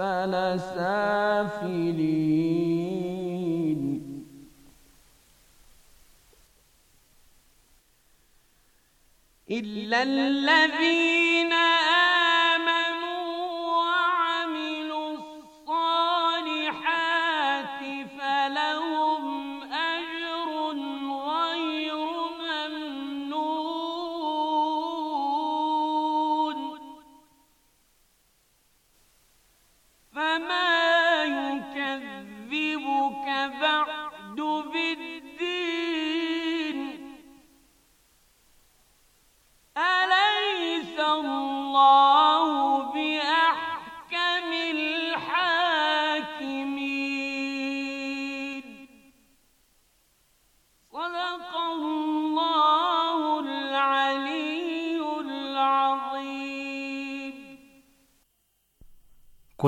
أسفل سافلين إلا الذين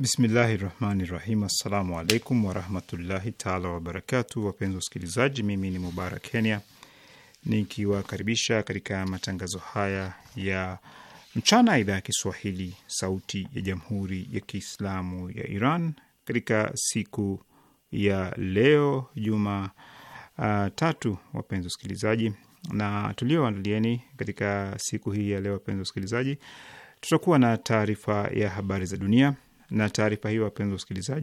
Bismillahi rahmani rahim. Assalamu alaikum warahmatullahi taala wabarakatu. Wapenzi wa usikilizaji, mimi ni Mubarak Kenya nikiwakaribisha katika matangazo haya ya mchana, idhaa ya Kiswahili sauti ya jamhuri ya Kiislamu ya Iran katika siku ya leo juma uh, tatu, wapenzi usikilizaji na tulioandalieni katika siku hii ya leo, wapenzi wa usikilizaji tutakuwa na taarifa ya habari za dunia na taarifa hiyo, wapenzi wa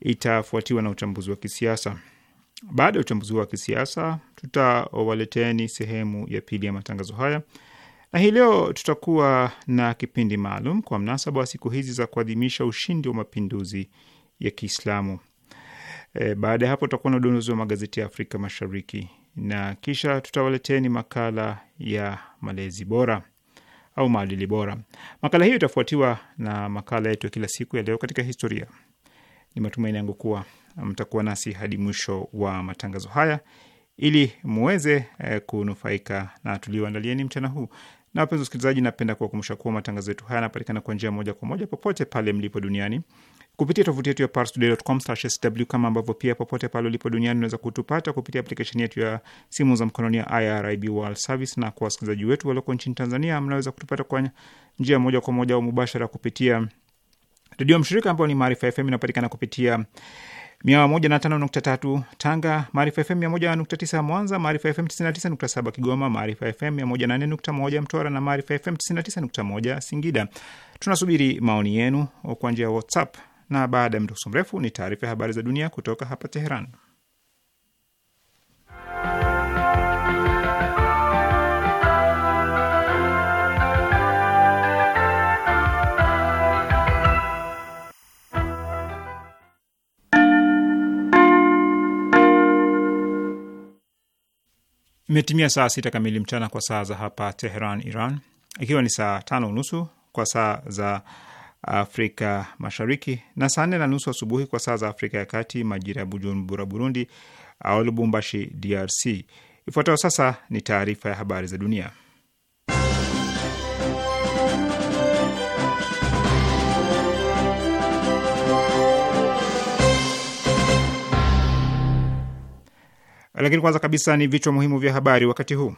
itafuatiwa na uchambuzi wa kisiasa. Baada ya uchambuzi wa kisiasa, tutawaleteni sehemu ya pili ya matangazo haya, na hii leo tutakuwa na kipindi maalum kwa mnasaba wa siku hizi za kuadhimisha ushindi wa mapinduzi ya Kiislamu. E, baada ya hapo tutakuwa na udondozi wa magazeti ya Afrika Mashariki na kisha tutawaleteni makala ya malezi bora au maadili bora. Makala hiyo itafuatiwa na makala yetu ya kila siku ya leo katika historia. Ni matumaini yangu kuwa mtakuwa nasi hadi mwisho wa matangazo haya ili muweze eh, kunufaika na tulioandalieni mchana huu. Na wapenzi wasikilizaji, napenda kuwakumbusha kuwa matangazo yetu haya yanapatikana kwa njia moja kwa moja popote pale mlipo duniani kupitia tovuti yetu ya parstoday.com/sw, kama ambavyo pia popote pale ulipo duniani unaweza kutupata kupitia aplikesheni yetu ya simu za mkononi ya IRIB World Service. Na kwa wasikilizaji wetu walioko nchini Tanzania, mnaweza kutupata kwa njia moja kwa moja au mubashara kupitia redio mshirika ambayo ni Maarifa FM, inapatikana kupitia Tanga, Maarifa FM Mwanza, Maarifa FM tisini Kigoma, Maarifa FM mia Mtwara na Maarifa FM tisini moja Singida. Tunasubiri maoni yenu kwa njia ya WhatsApp na baada ya mtokuso mrefu ni taarifa ya habari za dunia kutoka hapa Teheran. Imetimia saa sita kamili mchana kwa saa za hapa Teheran, Iran, ikiwa ni saa tano unusu kwa saa za Afrika Mashariki, na saa nne na nusu asubuhi kwa saa za Afrika ya Kati, majira ya Bujumbura, Burundi, au Lubumbashi, DRC. Ifuatayo sasa ni taarifa ya habari za dunia, lakini kwanza kabisa ni vichwa muhimu vya habari wakati huu.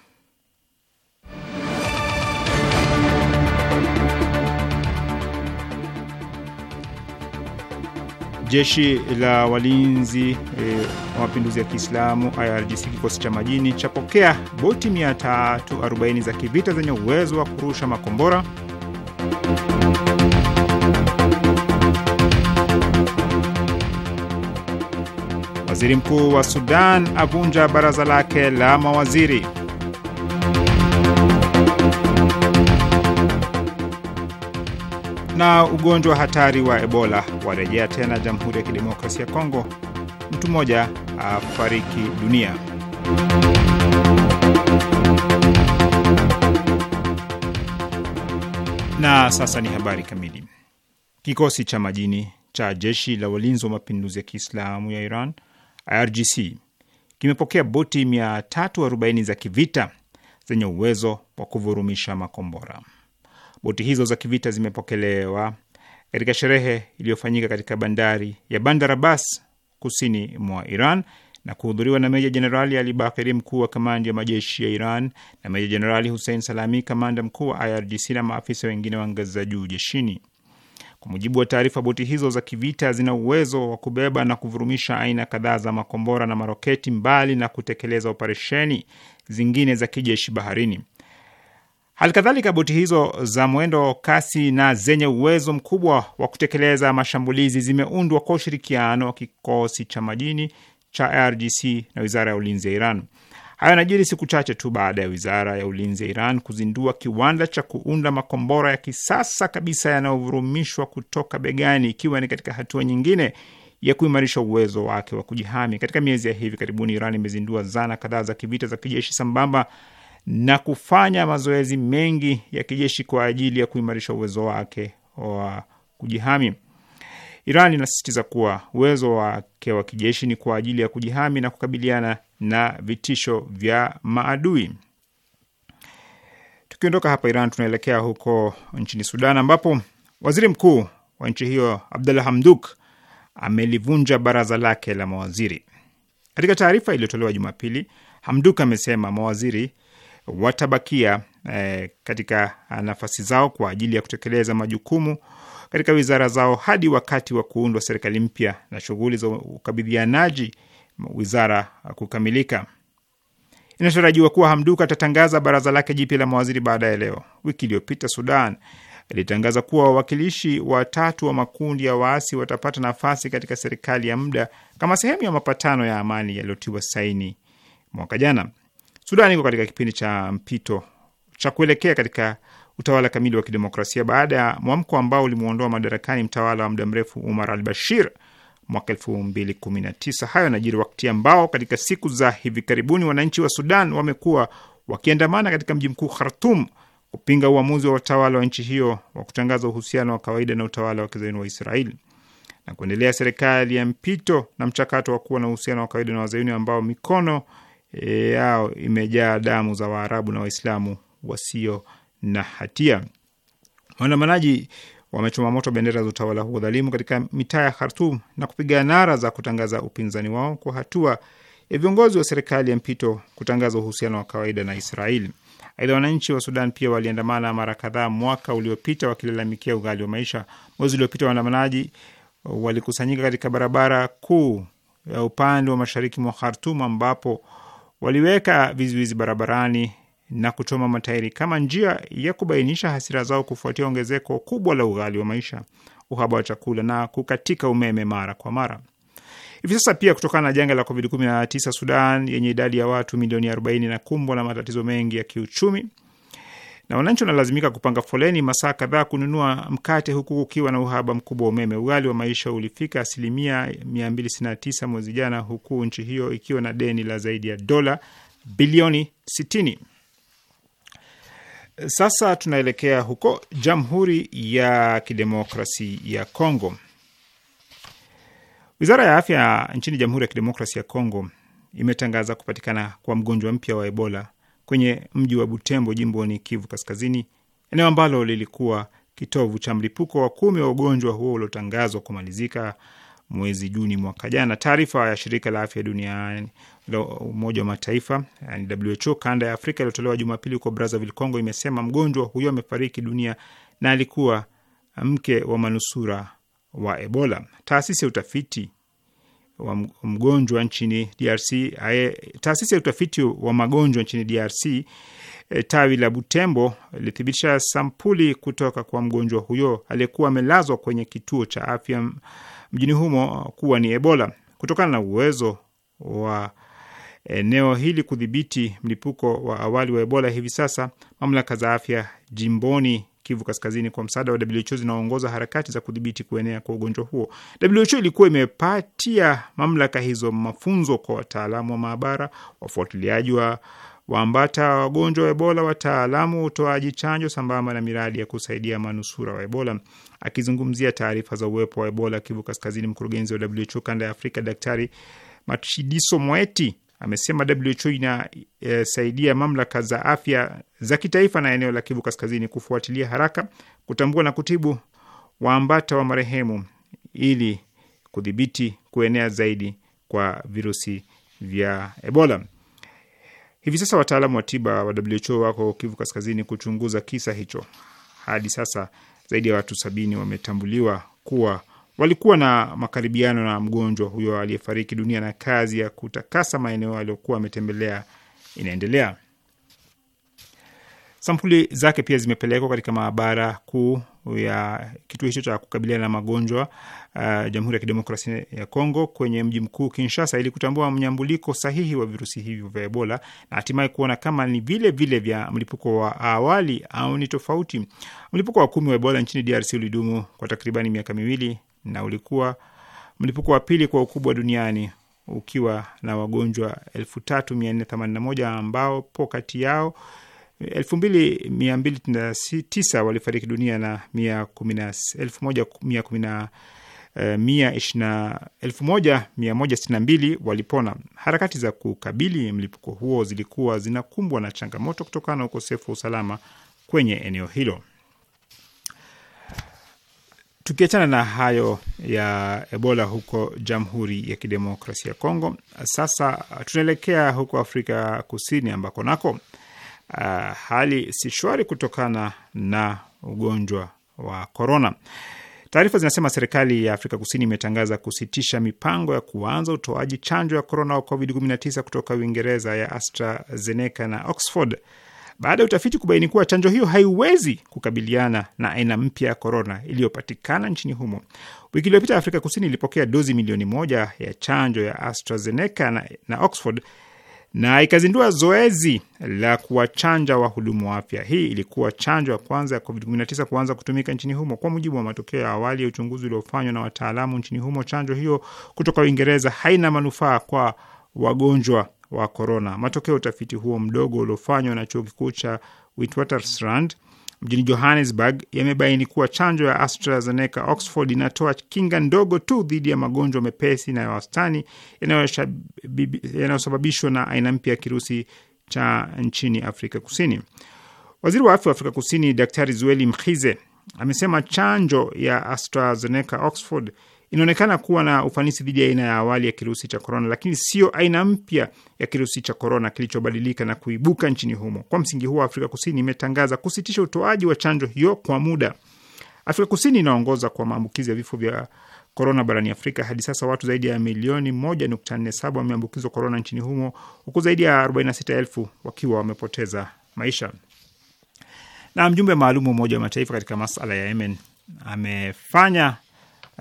Jeshi la walinzi e, wa e, mapinduzi ya Kiislamu IRGC kikosi cha majini chapokea boti 340 za kivita zenye uwezo wa kurusha makombora. Waziri mkuu wa Sudan avunja baraza lake la mawaziri. na ugonjwa hatari wa Ebola warejea tena Jamhuri ya Kidemokrasia ya Kongo, mtu mmoja afariki dunia. Na sasa ni habari kamili. Kikosi cha majini cha jeshi la walinzi wa mapinduzi ya Kiislamu ya Iran IRGC kimepokea boti 340 za kivita zenye uwezo wa kuvurumisha makombora. Boti hizo za kivita zimepokelewa katika sherehe iliyofanyika katika bandari ya Bandar Abbas kusini mwa Iran na kuhudhuriwa na Meja Jenerali Ali Bakiri, mkuu wa kamandi ya majeshi ya Iran, na Meja Jenerali Hussein Salami, kamanda mkuu wa IRGC na maafisa wengine wa ngazi za juu jeshini. Kwa mujibu wa taarifa, boti hizo za kivita zina uwezo wa kubeba na kuvurumisha aina kadhaa za makombora na maroketi, mbali na kutekeleza operesheni zingine za kijeshi baharini. Halikadhalika, boti hizo za mwendo kasi na zenye uwezo mkubwa wa kutekeleza mashambulizi zimeundwa kwa ushirikiano wa kikosi cha majini cha IRGC na wizara ya ulinzi ya Iran. Hayo yanajiri siku chache tu baada ya wizara ya ulinzi ya Iran kuzindua kiwanda cha kuunda makombora ya kisasa kabisa yanayovurumishwa kutoka begani, ikiwa ni katika hatua nyingine ya kuimarisha uwezo wake wa kujihami. Katika miezi ya hivi karibuni, Iran imezindua zana kadhaa za kivita za kijeshi sambamba na kufanya mazoezi mengi ya kijeshi kwa ajili ya kuimarisha uwezo wake wa kujihami. Iran inasisitiza kuwa uwezo wake wa kijeshi ni kwa ajili ya kujihami na kukabiliana na vitisho vya maadui. Tukiondoka hapa Iran, tunaelekea huko nchini Sudan ambapo waziri mkuu wa nchi hiyo Abdalla Hamduk amelivunja baraza lake la mawaziri. Katika taarifa iliyotolewa Jumapili, Hamduk amesema mawaziri watabakia eh, katika nafasi zao kwa ajili ya kutekeleza majukumu katika wizara zao hadi wakati wa kuundwa serikali mpya na shughuli za ukabidhianaji wizara kukamilika. Inatarajiwa kuwa Hamduk atatangaza baraza lake jipya la mawaziri baada ya leo. Wiki iliyopita Sudan ilitangaza kuwa wawakilishi watatu wa makundi ya waasi watapata nafasi katika serikali ya muda kama sehemu ya mapatano ya amani yaliyotiwa saini mwaka jana. Sudan iko katika kipindi cha mpito cha kuelekea katika utawala kamili wa kidemokrasia baada ya mwamko ambao ulimwondoa madarakani mtawala wa muda mrefu Umar al Bashir mwaka elfu mbili kumi na tisa. Hayo yanajiri wakati ambao katika siku za hivi karibuni wananchi wa Sudan wamekuwa wakiandamana katika mji mkuu Khartum kupinga uamuzi wa utawala wa nchi hiyo wa kutangaza uhusiano wa kawaida na utawala wa kizayuni wa Israeli na kuendelea serikali ya mpito na mchakato wa kuwa na uhusiano wa kawaida na wazayuni ambao mikono yao imejaa damu za Waarabu na Waislamu wasio na hatia. Waandamanaji wamechoma moto bendera za utawala huo dhalimu katika mitaa ya Khartum na kupiga nara za kutangaza upinzani wao kwa hatua ya viongozi wa serikali ya mpito kutangaza uhusiano wa kawaida na Israeli. Aidha, wananchi wa Sudan pia waliandamana mara kadhaa mwaka uliopita wakilalamikia ughali wa maisha. Mwezi uliopita waandamanaji walikusanyika katika barabara kuu ya upande wa mashariki mwa Khartum ambapo waliweka vizuizi barabarani na kuchoma matairi kama njia ya kubainisha hasira zao kufuatia ongezeko kubwa la ughali wa maisha, uhaba wa chakula na kukatika umeme mara kwa mara. Hivi sasa pia kutokana na janga la COVID-19, Sudan yenye idadi ya watu milioni 40 na kumbwa na matatizo mengi ya kiuchumi na wananchi wanalazimika kupanga foleni masaa kadhaa kununua mkate, huku kukiwa na uhaba mkubwa wa umeme. Ughali wa maisha ulifika asilimia 269 mwezi jana, huku nchi hiyo ikiwa na deni la zaidi ya dola bilioni 60. Sasa tunaelekea huko Jamhuri ya Kidemokrasi ya Kongo. Wizara ya afya nchini Jamhuri ya Kidemokrasi ya Kongo imetangaza kupatikana kwa mgonjwa mpya wa Ebola kwenye mji wa Butembo jimboni Kivu Kaskazini, eneo ambalo lilikuwa kitovu cha mlipuko wa kumi wa ugonjwa huo uliotangazwa kumalizika mwezi Juni mwaka jana. Taarifa ya shirika la afya duniani la Umoja wa Mataifa yani WHO kanda ya Afrika iliyotolewa Jumapili huko Brazzaville, Congo, imesema mgonjwa huyo amefariki dunia na alikuwa mke wa manusura wa Ebola. Taasisi ya utafiti wa mgonjwa nchini DRC. Taasisi ya utafiti wa magonjwa nchini DRC eh, tawi la Butembo ilithibitisha sampuli kutoka kwa mgonjwa huyo aliyekuwa amelazwa kwenye kituo cha afya mjini humo kuwa ni Ebola. Kutokana na uwezo wa eneo hili kudhibiti mlipuko wa awali wa Ebola, hivi sasa mamlaka za afya jimboni Kivu Kaskazini kwa msaada wa WHO zinaongoza harakati za kudhibiti kuenea kwa ugonjwa huo. WHO ilikuwa imepatia mamlaka hizo mafunzo kwa wataalamu wa maabara, wafuatiliaji wa waambata wagonjwa wa Ebola, wataalamu utoaji chanjo sambamba na miradi ya kusaidia manusura wa Ebola. Akizungumzia taarifa za uwepo wa Ebola Kivu Kaskazini, mkurugenzi wa WHO kanda ya Afrika Daktari Matshidiso Moeti amesema WHO inasaidia e, mamlaka za afya za kitaifa na eneo la Kivu Kaskazini kufuatilia haraka, kutambua na kutibu waambata wa marehemu ili kudhibiti kuenea zaidi kwa virusi vya Ebola. Hivi sasa wataalamu wa tiba wa WHO wako Kivu Kaskazini kuchunguza kisa hicho. Hadi sasa zaidi ya watu sabini wametambuliwa kuwa walikuwa na makaribiano na mgonjwa huyo aliyefariki dunia na kazi ya kutakasa maeneo aliyokuwa ametembelea inaendelea. Sampuli zake pia zimepelekwa katika maabara kuu ya kituo hicho cha kukabiliana na magonjwa uh, Jamhuri ya Kidemokrasia ya Kongo kwenye mji mkuu Kinshasa, ili kutambua mnyambuliko sahihi wa virusi hivyo vya Ebola na hatimaye kuona kama ni vile vile vya mlipuko wa awali au ni tofauti. Mlipuko wa kumi wa Ebola nchini DRC ulidumu kwa takribani miaka miwili na ulikuwa mlipuko wa pili kwa ukubwa duniani ukiwa na wagonjwa 3481 ambapo kati yao 2299 walifariki dunia na 1162 eh, walipona. Harakati za kukabili mlipuko huo zilikuwa zinakumbwa na changamoto kutokana na ukosefu wa usalama kwenye eneo hilo. Tukiachana na hayo ya Ebola huko Jamhuri ya Kidemokrasia ya Kongo, sasa tunaelekea huko Afrika Kusini ambako nako uh, hali si shwari kutokana na ugonjwa wa korona. Taarifa zinasema serikali ya Afrika Kusini imetangaza kusitisha mipango ya kuanza utoaji chanjo ya korona wa COVID-19 kutoka Uingereza ya AstraZeneca na Oxford baada ya utafiti kubaini kuwa chanjo hiyo haiwezi kukabiliana na aina mpya ya korona iliyopatikana nchini humo. Wiki iliyopita Afrika Kusini ilipokea dozi milioni moja ya chanjo ya AstraZeneca na, na Oxford na ikazindua zoezi la kuwachanja wahudumu wa afya. Hii ilikuwa chanjo ya kwanza ya COVID-19 kuanza kutumika nchini humo. Kwa mujibu wa matokeo ya awali ya uchunguzi uliofanywa na wataalamu nchini humo, chanjo hiyo kutoka Uingereza haina manufaa kwa wagonjwa wa korona. Matokeo ya utafiti huo mdogo uliofanywa na chuo kikuu cha Witwatersrand mjini Johannesburg yamebaini kuwa chanjo ya AstraZeneca Oxford inatoa kinga ndogo tu dhidi ya magonjwa mepesi na ya wastani yanayosababishwa na aina mpya ya kirusi cha nchini Afrika Kusini. Waziri wa afya wa Afrika Kusini Daktari Zweli Mkhize amesema chanjo ya AstraZeneca Oxford inaonekana kuwa na ufanisi dhidi ya aina ya awali ya kirusi cha korona, lakini sio aina mpya ya kirusi cha korona kilichobadilika na kuibuka nchini humo. Kwa msingi huo, Afrika Kusini imetangaza kusitisha utoaji wa chanjo hiyo kwa muda. Afrika Kusini inaongoza kwa maambukizi ya vifo vya korona barani Afrika. Hadi sasa watu zaidi ya milioni 1.47 wameambukizwa korona nchini humo, huku zaidi ya 46,000 wakiwa wamepoteza maisha. Na mjumbe maalum wa Umoja wa Mataifa katika masala ya Yemen amefanya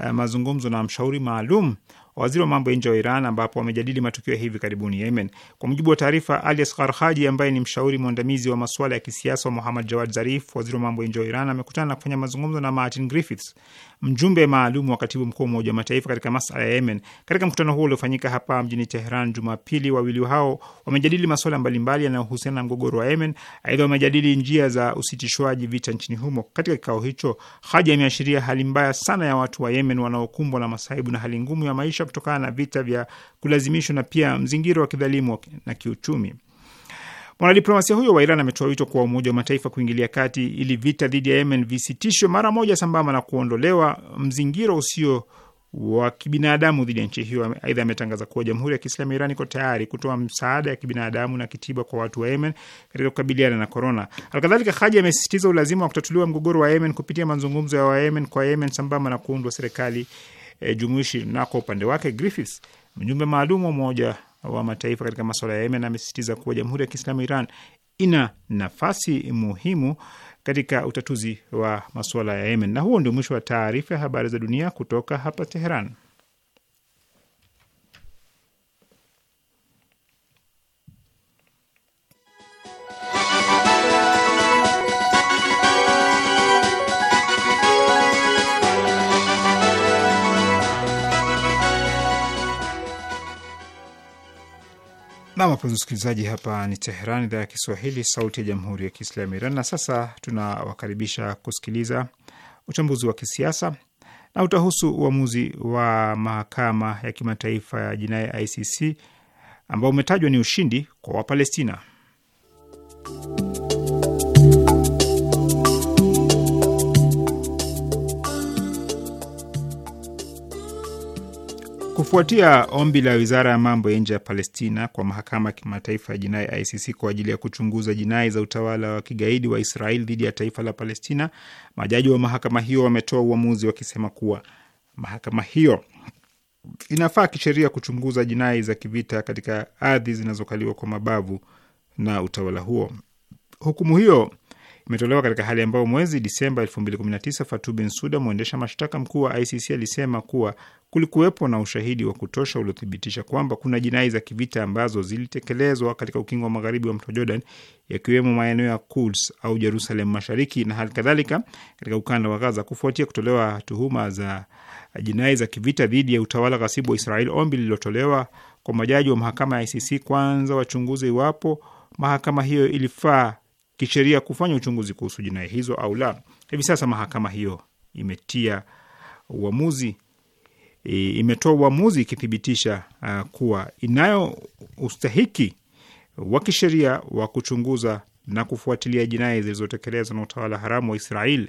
Eh, mazungumzo na mshauri maalum waziri wa mambo ya nje wa Iran, ambapo wamejadili matukio ya hivi karibuni Yemen. Kwa mujibu wa taarifa, Ali Asghar Haji ambaye ni mshauri mwandamizi wa masuala ya kisiasa wa Muhammad Jawad Zarif, waziri wa mambo ya nje wa Iran, amekutana na kufanya mazungumzo na Martin Griffiths, mjumbe maalum wa katibu mkuu wa Umoja wa Mataifa katika masala ya Yemen. Katika mkutano huo uliofanyika hapa mjini teheran Jumapili, wawili hao wamejadili masuala mbalimbali yanayohusiana na mgogoro wa Yemen. Aidha, wamejadili njia za usitishwaji vita nchini humo. Katika kikao hicho, Haji ameashiria hali mbaya sana ya watu wa Yemen wanaokumbwa na masaibu na hali ngumu ya maisha kutokana na vita vya kulazimishwa na pia mzingiro wa kidhalimu na kiuchumi. Mwanadiplomasia huyo wa Iran ametoa wito kwa Umoja wa Mataifa kuingilia kati ili vita dhidi ya Yemen visitishwe mara moja, sambamba na kuondolewa mzingiro usio wa kibinadamu dhidi ya nchi hiyo. Aidha, ametangaza kuwa Jamhuri ya Kiislamu ya Iran iko tayari kutoa msaada ya kibinadamu na kitiba kwa watu wa Yemen katika kukabiliana na korona. Alkadhalika, Haji amesisitiza ulazima wa kutatuliwa mgogoro wa Yemen kupitia mazungumzo ya Wayemen kwa Yemen sambamba na kuundwa serikali e, jumuishi. Na kwa upande wake Griffiths, mjumbe maalum wa Umoja wa Mataifa katika masuala ya Yemen, amesisitiza kuwa Jamhuri ya Kiislamu Iran ina nafasi muhimu katika utatuzi wa masuala ya Yemen. Na huo ndio mwisho wa taarifa ya habari za dunia kutoka hapa Teheran. Na wapenzi msikilizaji, hapa ni Teheran, idhaa ya Kiswahili, sauti ya jamhuri ya kiislamu Iran. Na sasa tunawakaribisha kusikiliza uchambuzi wa kisiasa na utahusu uamuzi wa mahakama ya kimataifa ya jinai ICC ambao umetajwa ni ushindi kwa Wapalestina. Kufuatia ombi la wizara ya mambo ya nje ya Palestina kwa mahakama ya kimataifa ya jinai ICC kwa ajili ya kuchunguza jinai za utawala wa kigaidi wa Israel dhidi ya taifa la Palestina, majaji wa mahakama hiyo wametoa uamuzi wakisema kuwa mahakama hiyo inafaa kisheria kuchunguza jinai za kivita katika ardhi zinazokaliwa kwa mabavu na utawala huo. Hukumu hiyo umetolewa katika hali ambayo mwezi Disemba 2019 Fatou Bensouda, mwendesha mashtaka mkuu wa ICC, alisema kuwa kulikuwepo na ushahidi wa kutosha uliothibitisha kwamba kuna jinai za kivita ambazo zilitekelezwa katika ukingo wa magharibi wa mto Jordan, yakiwemo maeneo ya Quds au Jerusalem Mashariki na hali kadhalika katika ukanda wa Gaza, kufuatia kutolewa tuhuma za jinai za kivita dhidi ya utawala ghasibu wa Israel, ombi lililotolewa kwa majaji wa mahakama ya ICC kwanza wachunguze iwapo mahakama hiyo ilifaa kisheria kufanya uchunguzi kuhusu jinai hizo au la. Hivi sasa mahakama hiyo imetia uamuzi imetoa uamuzi ikithibitisha uh, kuwa inayo ustahiki wa kisheria wa kuchunguza na kufuatilia jinai zilizotekelezwa na utawala haramu wa Israel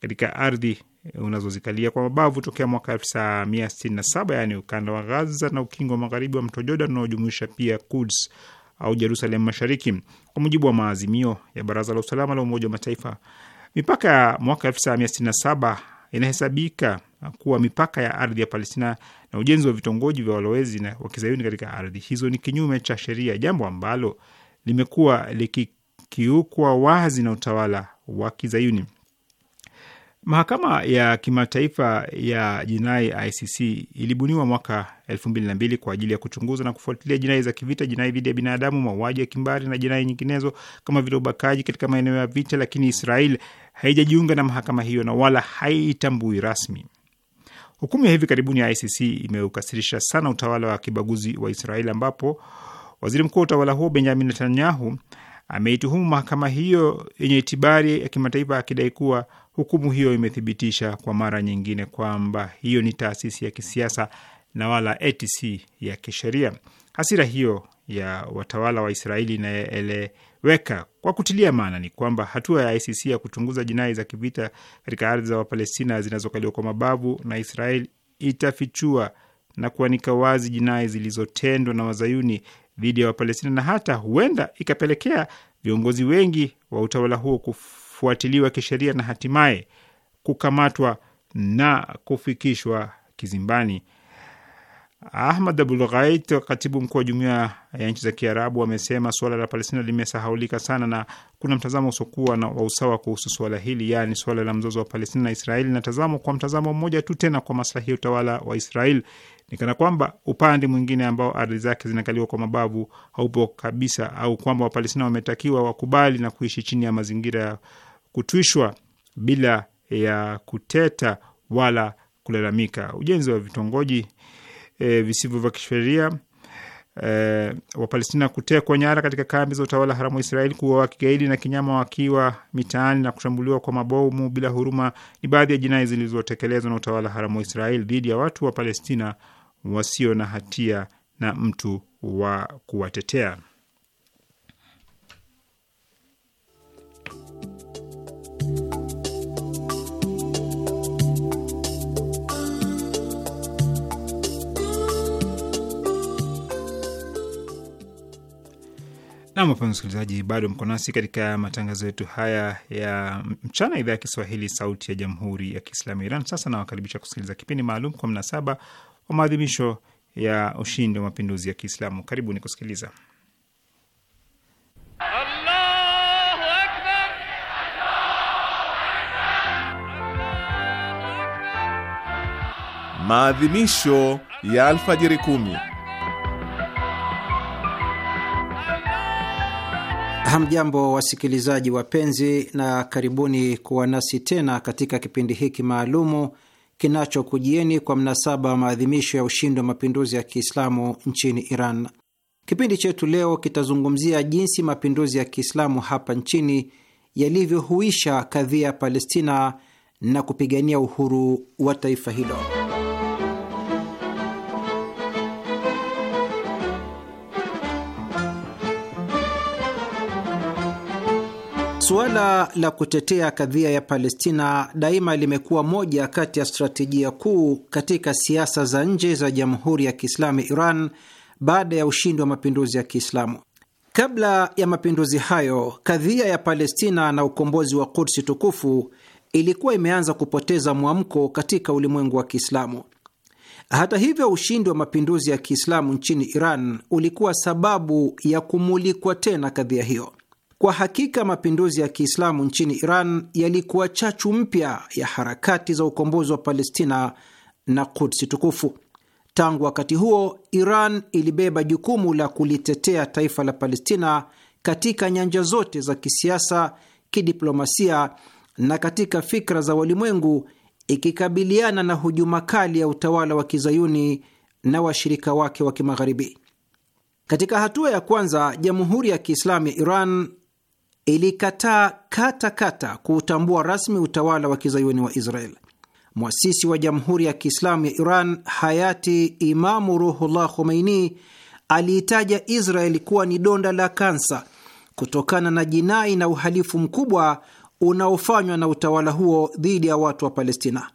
katika ardhi unazozikalia kwa mabavu tokea mwaka 1967 yaani ukanda wa Gaza na ukingo wa magharibi wa mto Jordan unaojumuisha pia Kuds au Jerusalem Mashariki. Kwa mujibu wa maazimio ya Baraza la Usalama la Umoja wa Mataifa, mipaka ya mwaka 1967 inahesabika kuwa mipaka ya ardhi ya Palestina na ujenzi wa vitongoji vya walowezi na wakizayuni katika ardhi hizo ni kinyume cha sheria, jambo ambalo limekuwa likikiukwa wazi na utawala wa kizayuni. Mahakama ya kimataifa ya jinai ICC ilibuniwa mwaka elfu mbili na mbili kwa ajili ya kuchunguza na kufuatilia jinai za kivita, jinai dhidi ya binadamu, mauaji ya kimbari na jinai nyinginezo kama vile ubakaji katika maeneo ya vita, lakini Israel haijajiunga na mahakama hiyo na wala haitambui rasmi. Hukumu ya hivi karibuni ya ICC imeukasirisha sana utawala wa kibaguzi wa Israel, ambapo waziri mkuu wa utawala huo Benjamin Netanyahu ameituhumu mahakama hiyo yenye itibari ya kimataifa akidai kuwa Hukumu hiyo imethibitisha kwa mara nyingine kwamba hiyo ni taasisi ya kisiasa na wala atc ya kisheria. Hasira hiyo ya watawala wa Israeli inayoeleweka kwa kutilia maana ni kwamba hatua ya ICC ya kuchunguza jinai za kivita katika ardhi za Wapalestina zinazokaliwa kwa mabavu na Israeli itafichua na kuanika wazi jinai zilizotendwa na wazayuni dhidi ya Wapalestina na hata huenda ikapelekea viongozi wengi wa utawala huo kufu kufuatiliwa kisheria na hatimaye kukamatwa na kufikishwa kizimbani. Ahmad Abul Ghait, katibu mkuu wa Jumuiya ya Nchi za Kiarabu, amesema suala la Palestina limesahaulika sana na kuna mtazamo usiokuwa wa usawa kuhusu suala hili, yaani suala la mzozo wa Palestina na Israeli natazamo kwa mtazamo mmoja tu, tena kwa maslahi ya utawala wa Israeli, ni kana kwamba upande mwingine ambao ardhi zake zinakaliwa kwa mabavu haupo kabisa, au kwamba Wapalestina wametakiwa wakubali na kuishi chini ya mazingira ya kutwishwa bila ya kuteta wala kulalamika. Ujenzi wa vitongoji e, visivyo vya kisheria e, Wapalestina kutekwa nyara katika kambi za utawala haramu wa Israeli, kuwa wakigaidi na kinyama wakiwa mitaani na kushambuliwa kwa mabomu bila huruma ni baadhi ya jinai zilizotekelezwa na utawala haramu wa Israeli dhidi ya watu wa Palestina wasio na hatia na mtu wa kuwatetea. Nam, wapenzi msikilizaji, bado mko nasi katika matangazo yetu haya ya mchana, idhaa ya Kiswahili sauti ya jamhuri ya kiislamu ya Iran. Sasa nawakaribisha kusikiliza kipindi maalum kwa mnasaba wa maadhimisho ya ushindi wa mapinduzi ya Kiislamu. Karibuni kusikiliza. Maadhimisho ya alfajiri kumi Hamjambo, wasikilizaji wapenzi, na karibuni kuwa nasi tena katika kipindi hiki maalumu kinachokujieni kwa mnasaba wa maadhimisho ya ushindi wa mapinduzi ya Kiislamu nchini Iran. Kipindi chetu leo kitazungumzia jinsi mapinduzi ya Kiislamu hapa nchini yalivyohuisha kadhia ya Palestina na kupigania uhuru wa taifa hilo. Suala la kutetea kadhia ya Palestina daima limekuwa moja kati ya stratejia kuu katika siasa za nje za Jamhuri ya Kiislamu Iran baada ya ushindi wa mapinduzi ya Kiislamu. Kabla ya mapinduzi hayo, kadhia ya Palestina na ukombozi wa Kudsi tukufu ilikuwa imeanza kupoteza mwamko katika ulimwengu wa Kiislamu. Hata hivyo, ushindi wa mapinduzi ya Kiislamu nchini Iran ulikuwa sababu ya kumulikwa tena kadhia hiyo. Kwa hakika mapinduzi ya Kiislamu nchini Iran yalikuwa chachu mpya ya harakati za ukombozi wa Palestina na Kudsi tukufu. Tangu wakati huo, Iran ilibeba jukumu la kulitetea taifa la Palestina katika nyanja zote za kisiasa, kidiplomasia na katika fikra za walimwengu, ikikabiliana na hujuma kali ya utawala wa kizayuni na washirika wake wa kimagharibi. Katika hatua ya kwanza, Jamhuri ya Kiislamu ya Iran ilikataa kata katakata kuutambua rasmi utawala wa kizayuni wa Israel. Mwasisi wa Jamhuri ya Kiislamu ya Iran hayati Imamu Ruhullah Khomeini aliitaja Israeli kuwa ni donda la kansa kutokana na jinai na uhalifu mkubwa unaofanywa na utawala huo dhidi ya watu wa Palestina.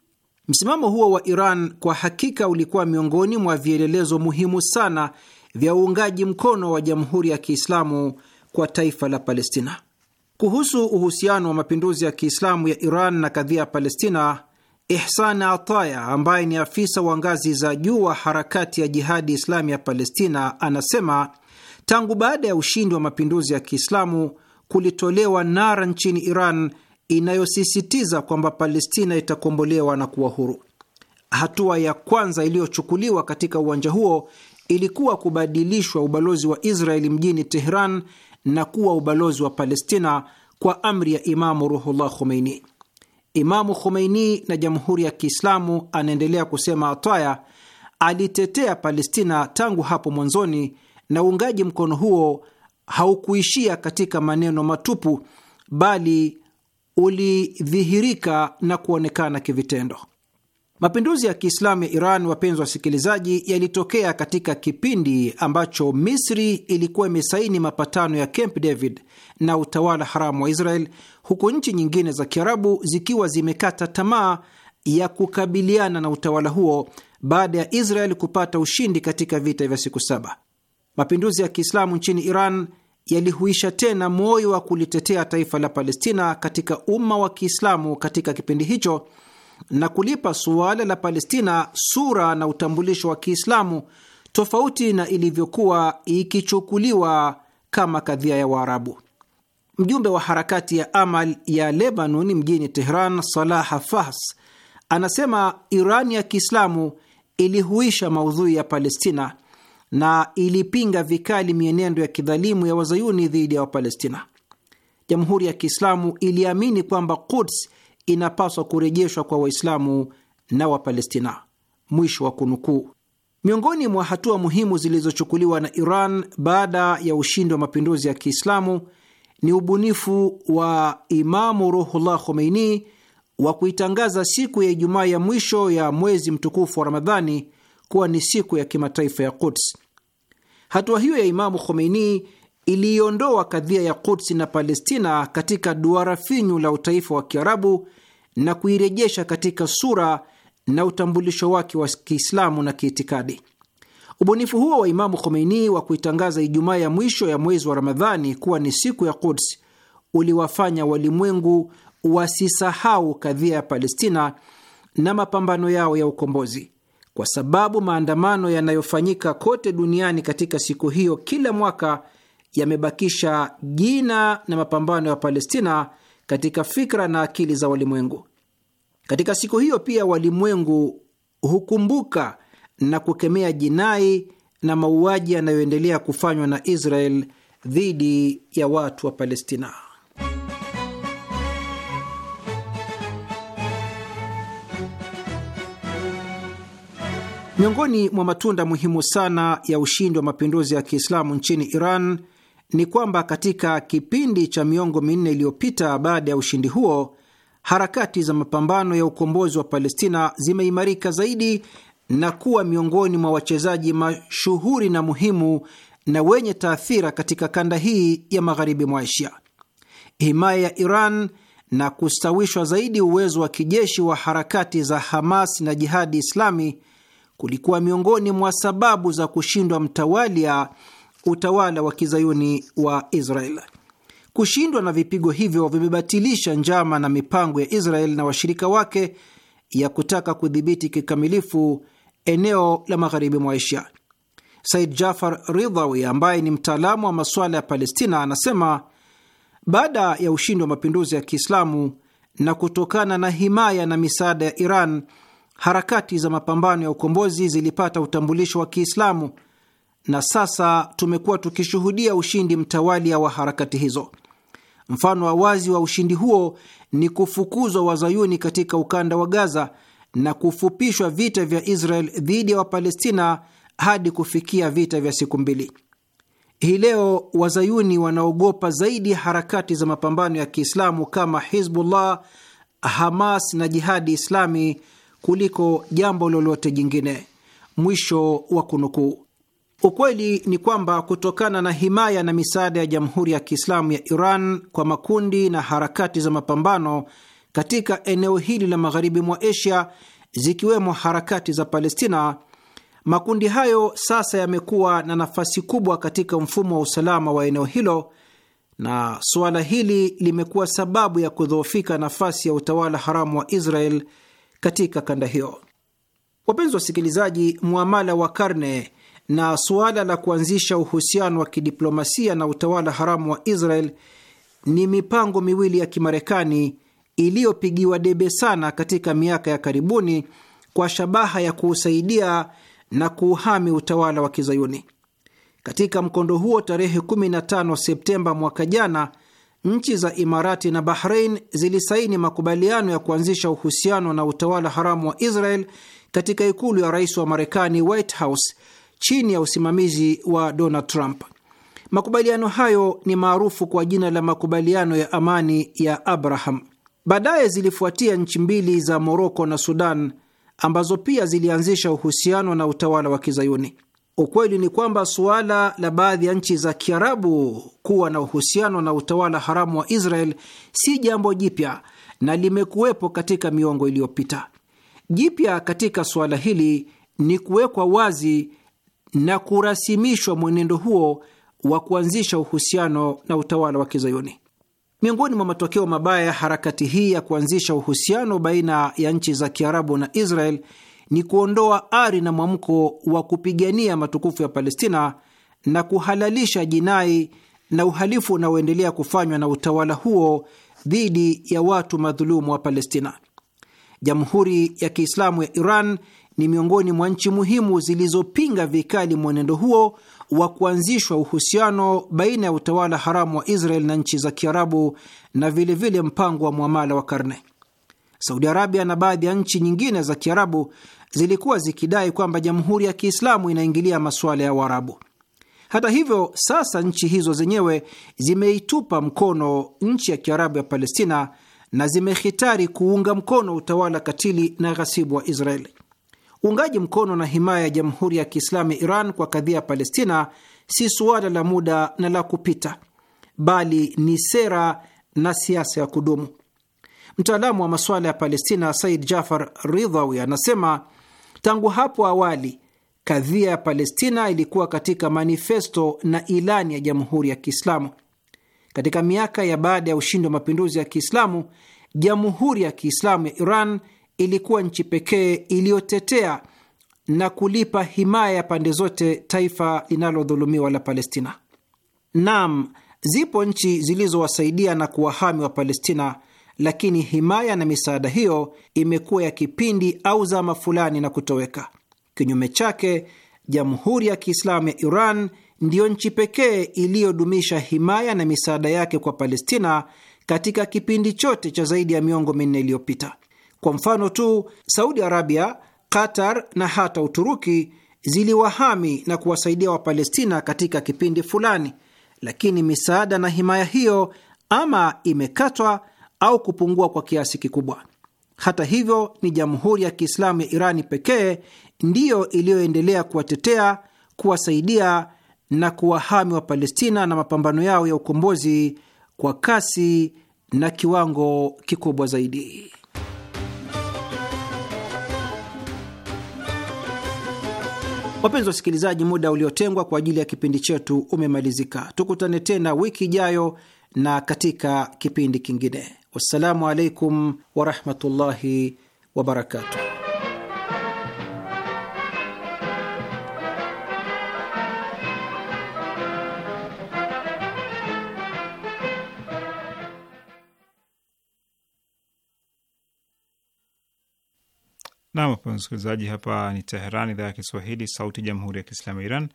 Msimamo huo wa Iran kwa hakika ulikuwa miongoni mwa vielelezo muhimu sana vya uungaji mkono wa Jamhuri ya Kiislamu kwa taifa la Palestina. Kuhusu uhusiano wa mapinduzi ya Kiislamu ya Iran na kadhia ya Palestina, Ihsan Ataya ambaye ni afisa wa ngazi za juu wa harakati ya Jihadi Islami ya Palestina anasema tangu baada ya ushindi wa mapinduzi ya Kiislamu kulitolewa nara nchini Iran inayosisitiza kwamba Palestina itakombolewa na kuwa huru. Hatua ya kwanza iliyochukuliwa katika uwanja huo ilikuwa kubadilishwa ubalozi wa Israeli mjini Teheran na kuwa ubalozi wa Palestina kwa amri ya Imamu Ruhullah Khomeini. Imamu Khomeini na Jamhuri ya Kiislamu, anaendelea kusema Ataya, alitetea Palestina tangu hapo mwanzoni, na uungaji mkono huo haukuishia katika maneno matupu, bali ulidhihirika na kuonekana kivitendo. Mapinduzi ya Kiislamu ya Iran, wapenzi wa wasikilizaji, yalitokea katika kipindi ambacho Misri ilikuwa imesaini mapatano ya Camp David na utawala haramu wa Israel, huku nchi nyingine za Kiarabu zikiwa zimekata tamaa ya kukabiliana na utawala huo baada ya Israel kupata ushindi katika vita vya siku saba. Mapinduzi ya Kiislamu nchini Iran yalihuisha tena moyo wa kulitetea taifa la Palestina katika umma wa Kiislamu katika kipindi hicho na kulipa suala la Palestina sura na utambulisho wa Kiislamu, tofauti na ilivyokuwa ikichukuliwa kama kadhia ya Waarabu. Mjumbe wa harakati ya Amal ya Lebanon mjini Tehran, Salah fas anasema Iran ya Kiislamu ilihuisha maudhui ya Palestina na ilipinga vikali mienendo ya kidhalimu ya wazayuni dhidi ya Wapalestina. Jamhuri ya Kiislamu iliamini kwamba Quds inapaswa kurejeshwa kwa Waislamu na Wapalestina. Mwisho wa kunukuu. Miongoni mwa hatua muhimu zilizochukuliwa na Iran baada ya ushindi wa mapinduzi ya Kiislamu ni ubunifu wa Imamu Ruhullah Khomeini wa kuitangaza siku ya Ijumaa ya mwisho ya mwezi mtukufu wa Ramadhani kuwa ni siku ya kimataifa ya Quds. Hatua hiyo ya Imamu Khomeini iliiondoa kadhia ya Kudsi na Palestina katika duara finyu la utaifa wa Kiarabu na kuirejesha katika sura na utambulisho wake wa Kiislamu na kiitikadi. Ubunifu huo wa Imamu Khomeini wa kuitangaza Ijumaa ya mwisho ya mwezi wa Ramadhani kuwa ni siku ya Quds uliwafanya walimwengu wasisahau kadhia ya Palestina na mapambano yao ya ukombozi, kwa sababu maandamano yanayofanyika kote duniani katika siku hiyo kila mwaka yamebakisha jina na mapambano ya Palestina katika fikra na akili za walimwengu. Katika siku hiyo pia walimwengu hukumbuka na kukemea jinai na mauaji yanayoendelea kufanywa na Israel dhidi ya watu wa Palestina. Miongoni mwa matunda muhimu sana ya ushindi wa mapinduzi ya Kiislamu nchini Iran ni kwamba katika kipindi cha miongo minne iliyopita baada ya ushindi huo, harakati za mapambano ya ukombozi wa Palestina zimeimarika zaidi na kuwa miongoni mwa wachezaji mashuhuri na muhimu na wenye taathira katika kanda hii ya magharibi mwa Asia. Himaya ya Iran na kustawishwa zaidi uwezo wa kijeshi wa harakati za Hamas na Jihadi Islami kulikuwa miongoni mwa sababu za kushindwa mtawalia utawala wa kizayuni wa Israel. Kushindwa na vipigo hivyo vimebatilisha njama na mipango ya Israel na washirika wake ya kutaka kudhibiti kikamilifu eneo la magharibi mwa Asia. Said Jafar Ridhawi ambaye ni mtaalamu wa masuala ya Palestina anasema baada ya ushindi wa mapinduzi ya Kiislamu na kutokana na himaya na misaada ya Iran, harakati za mapambano ya ukombozi zilipata utambulisho wa Kiislamu na sasa tumekuwa tukishuhudia ushindi mtawalia wa harakati hizo. Mfano wa wazi wa ushindi huo ni kufukuzwa wazayuni katika ukanda wa Gaza na kufupishwa vita vya Israel dhidi ya Wapalestina hadi kufikia vita vya siku mbili. Hii leo wazayuni wanaogopa zaidi harakati za mapambano ya Kiislamu kama Hizbullah, Hamas na Jihadi Islami kuliko jambo lolote jingine. Mwisho wa kunukuu. Ukweli ni kwamba kutokana na himaya na misaada ya Jamhuri ya Kiislamu ya Iran kwa makundi na harakati za mapambano katika eneo hili la magharibi mwa Asia, zikiwemo harakati za Palestina, makundi hayo sasa yamekuwa na nafasi kubwa katika mfumo wa usalama wa eneo hilo, na suala hili limekuwa sababu ya kudhoofika nafasi ya utawala haramu wa Israel katika kanda hiyo. Wapenzi wasikilizaji, muamala wa karne na suala la kuanzisha uhusiano wa kidiplomasia na utawala haramu wa Israel ni mipango miwili ya Kimarekani iliyopigiwa debe sana katika miaka ya karibuni kwa shabaha ya kuusaidia na kuuhami utawala wa Kizayuni. Katika mkondo huo, tarehe 15 Septemba mwaka jana, nchi za Imarati na Bahrain zilisaini makubaliano ya kuanzisha uhusiano na utawala haramu wa Israel katika ikulu ya rais wa Marekani, White House, chini ya usimamizi wa Donald Trump. Makubaliano hayo ni maarufu kwa jina la makubaliano ya amani ya Abraham. Baadaye zilifuatia nchi mbili za Moroko na Sudan ambazo pia zilianzisha uhusiano na utawala wa Kizayuni. Ukweli ni kwamba suala la baadhi ya nchi za Kiarabu kuwa na uhusiano na utawala haramu wa Israel si jambo jipya na limekuwepo katika miongo iliyopita. Jipya katika suala hili ni kuwekwa wazi na kurasimishwa mwenendo huo wa kuanzisha uhusiano na utawala wa Kizayuni. Miongoni mwa matokeo mabaya ya harakati hii ya kuanzisha uhusiano baina ya nchi za Kiarabu na Israel ni kuondoa ari na mwamko wa kupigania matukufu ya Palestina na kuhalalisha jinai na uhalifu unaoendelea kufanywa na utawala huo dhidi ya watu madhulumu wa Palestina. Jamhuri ya Kiislamu ya Iran ni miongoni mwa nchi muhimu zilizopinga vikali mwenendo huo wa kuanzishwa uhusiano baina ya utawala haramu wa Israel na nchi za Kiarabu na vilevile vile mpango wa mwamala wa karne. Saudi Arabia na baadhi ya nchi nyingine za Kiarabu zilikuwa zikidai kwamba Jamhuri ya Kiislamu inaingilia masuala ya Uarabu. Hata hivyo, sasa nchi hizo zenyewe zimeitupa mkono nchi ya Kiarabu ya Palestina na zimehitari kuunga mkono utawala katili na ghasibu wa Israeli. Uungaji mkono na himaya ya Jamhuri ya Kiislamu ya Iran kwa kadhia ya Palestina si suala la muda na la kupita, bali ni sera na siasa ya kudumu. Mtaalamu wa masuala ya Palestina Said Jafar Ridhawi anasema tangu hapo awali kadhia ya Palestina ilikuwa katika manifesto na ilani ya Jamhuri ya Kiislamu. Katika miaka ya baada ya ushindi wa mapinduzi ya Kiislamu, Jamhuri ya Kiislamu ya Iran ilikuwa nchi pekee iliyotetea na kulipa himaya ya pande zote taifa linalodhulumiwa la Palestina. Naam, zipo nchi zilizowasaidia na kuwahami wa Palestina, lakini himaya na misaada hiyo imekuwa ya kipindi au zama fulani na kutoweka. Kinyume chake, Jamhuri ya Kiislamu ya Iran ndiyo nchi pekee iliyodumisha himaya na misaada yake kwa Palestina katika kipindi chote cha zaidi ya miongo minne iliyopita. Kwa mfano tu, Saudi Arabia, Qatar na hata Uturuki ziliwahami na kuwasaidia Wapalestina katika kipindi fulani, lakini misaada na himaya hiyo ama imekatwa au kupungua kwa kiasi kikubwa. Hata hivyo, ni Jamhuri ya Kiislamu ya Irani pekee ndiyo iliyoendelea kuwatetea, kuwasaidia na kuwahami Wapalestina na mapambano yao ya ukombozi kwa kasi na kiwango kikubwa zaidi. Wapenzi wa wasikilizaji, muda uliotengwa kwa ajili ya kipindi chetu umemalizika. Tukutane tena wiki ijayo na katika kipindi kingine. Wassalamu alaikum warahmatullahi wabarakatuh. Nam wapenzi msikilizaji, hapa ni Teheran, idhaa ya Kiswahili, sauti ya jamhuri ya kiislamu ya Iran.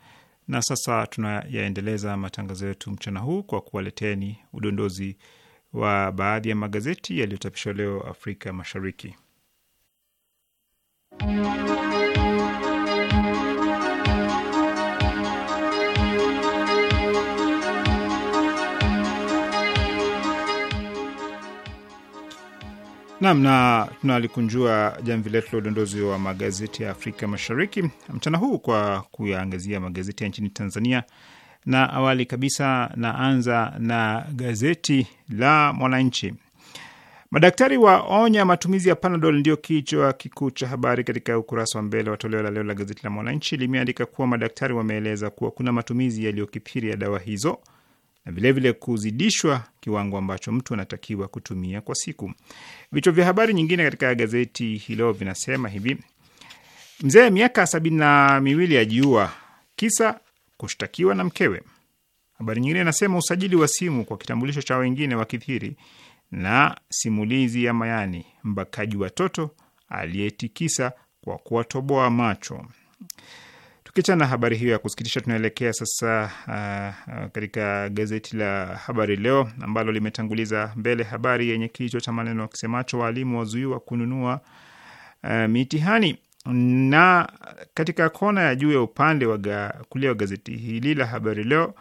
Na sasa tunayaendeleza matangazo yetu mchana huu kwa kuwaleteni udondozi wa baadhi ya magazeti yaliyochapishwa leo Afrika Mashariki. Nam na tunalikunjua jamvi letu la udondozi wa magazeti ya Afrika Mashariki mchana huu kwa kuyaangazia magazeti ya nchini Tanzania, na awali kabisa naanza na gazeti la Mwananchi. Madaktari waonya matumizi ya Panadol, ndio kichwa kikuu cha habari katika ukurasa wa mbele wa toleo la leo la gazeti la Mwananchi. Limeandika kuwa madaktari wameeleza kuwa kuna matumizi yaliyokithiri ya dawa hizo na vilevile kuzidishwa kiwango ambacho mtu anatakiwa kutumia kwa siku. Vichwa vya habari nyingine katika gazeti hilo vinasema hivi: mzee miaka sabini na miwili ajiua kisa kushtakiwa na mkewe. Habari nyingine inasema usajili wa simu kwa kitambulisho cha wengine wakithiri, na simulizi ya Mayani mbakaji watoto aliyetikisa kwa kuwatoboa macho. Licha na habari hiyo ya kusikitisha, tunaelekea sasa uh, uh, katika gazeti la Habari Leo ambalo limetanguliza mbele habari yenye kichwa cha maneno kisemacho waalimu wazuiwa kununua uh, mitihani. Na katika kona ya juu ya upande wa kulia wa gazeti hili la Habari Leo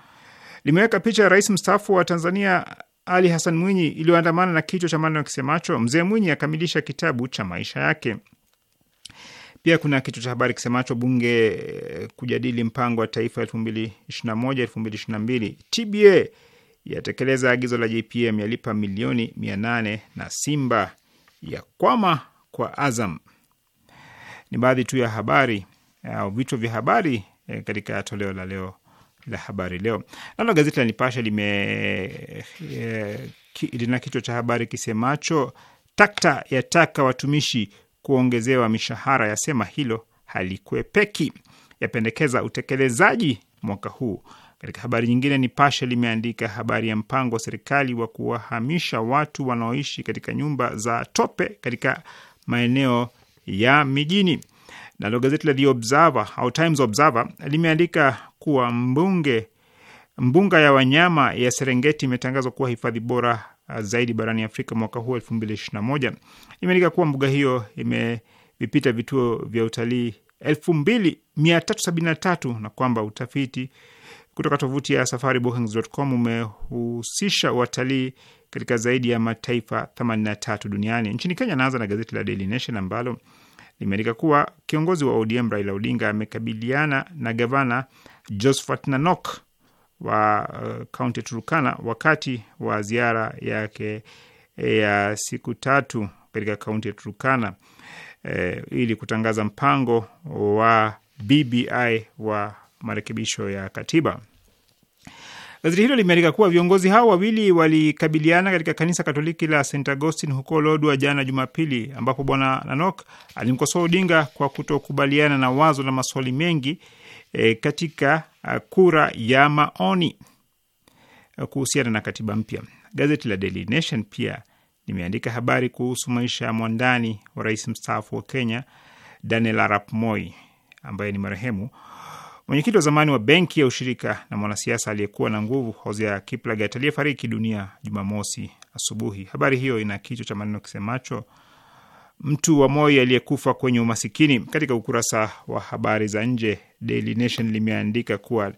limeweka picha ya rais mstaafu wa Tanzania Ali Hassan Mwinyi iliyoandamana na kichwa cha maneno kisemacho mzee Mwinyi akamilisha kitabu cha maisha yake. Pia kuna kichwa cha habari kisemacho bunge eh, kujadili mpango wa taifa 2021-2022, TBA yatekeleza agizo la JPM, yalipa milioni 800 na Simba ya kwama kwa Azam. Ni baadhi tu ya habari au vichwa vya habari eh, katika toleo la leo la habari leo. Nalo gazeti la Nipashe lime e, ki, lina kichwa cha habari kisemacho takta yataka watumishi kuongezewa mishahara yasema hilo halikwepeki, yapendekeza utekelezaji mwaka huu. Katika habari nyingine, Nipashe limeandika habari ya mpango wa serikali wa kuwahamisha watu wanaoishi katika nyumba za tope katika maeneo ya mijini. Nalo gazeti la The Observer au Times Observer limeandika kuwa mbunge mbunga ya wanyama ya Serengeti imetangazwa kuwa hifadhi bora zaidi barani Afrika mwaka huu 2021. Imeandika kuwa mbuga hiyo imevipita vituo vya utalii sabini na kwamba utafiti kutoka tovuti ya safaribookings.com umehusisha watalii katika zaidi ya mataifa 83 duniani. Nchini Kenya, naanza na gazeti la Daily Nation ambalo limeandika kuwa kiongozi wa ODM Raila Odinga amekabiliana na gavana Josphat Nanok wa kaunti uh, ya Turukana wakati wa ziara yake eh, ya siku tatu katika kaunti ya Turukana eh, ili kutangaza mpango wa BBI wa marekebisho ya katiba. Gazeti hilo limeandika kuwa viongozi hao wawili walikabiliana katika kanisa Katoliki la St Augustine huko Lodwa jana Jumapili, ambapo Bwana Nanok alimkosoa Odinga kwa kutokubaliana na wazo la maswali mengi e, katika kura ya maoni kuhusiana na katiba mpya. Gazeti la Daily Nation pia limeandika habari kuhusu maisha ya mwandani wa rais mstaafu wa Kenya Daniel Arap Moi ambaye ni marehemu mwenyekiti wa zamani wa benki ya ushirika na mwanasiasa aliyekuwa na nguvu Hosea Kiplagat aliyefariki dunia Jumamosi asubuhi. Habari hiyo ina kichwa cha maneno kisemacho mtu wa Moi aliyekufa kwenye umasikini. Katika ukurasa wa habari za nje Daily Nation limeandika kuwa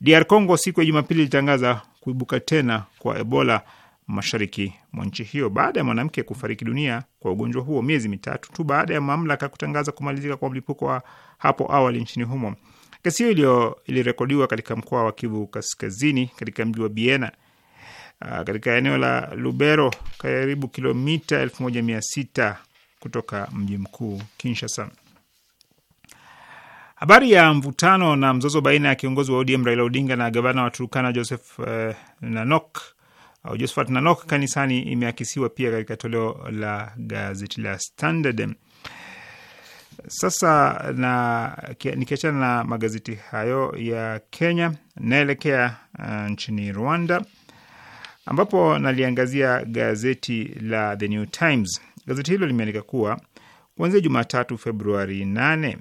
DR Congo siku ya Jumapili ilitangaza kuibuka tena kwa Ebola mashariki mwa nchi hiyo baada ya mwanamke kufariki dunia kwa ugonjwa huo miezi mitatu tu baada ya mamlaka kutangaza kumalizika kwa mlipuko wa hapo awali nchini humo. Kesi hiyo ilirekodiwa katika mkoa wa Kivu Kaskazini, katika mji wa Biena, uh, katika eneo la Lubero, karibu kilomita 1600 kutoka mji mkuu Kinshasa. Habari ya mvutano na mzozo baina ya kiongozi wa ODM Raila Odinga na gavana wa turukana Joseph eh, Nanok au Josephat Nanok kanisani imeakisiwa pia katika toleo la gazeti la Standard. Sasa na nikiachana na magazeti hayo ya Kenya, naelekea uh, nchini Rwanda ambapo naliangazia gazeti la The New Times. Gazeti hilo limeandika kuwa kuanzia Jumatatu Februari 8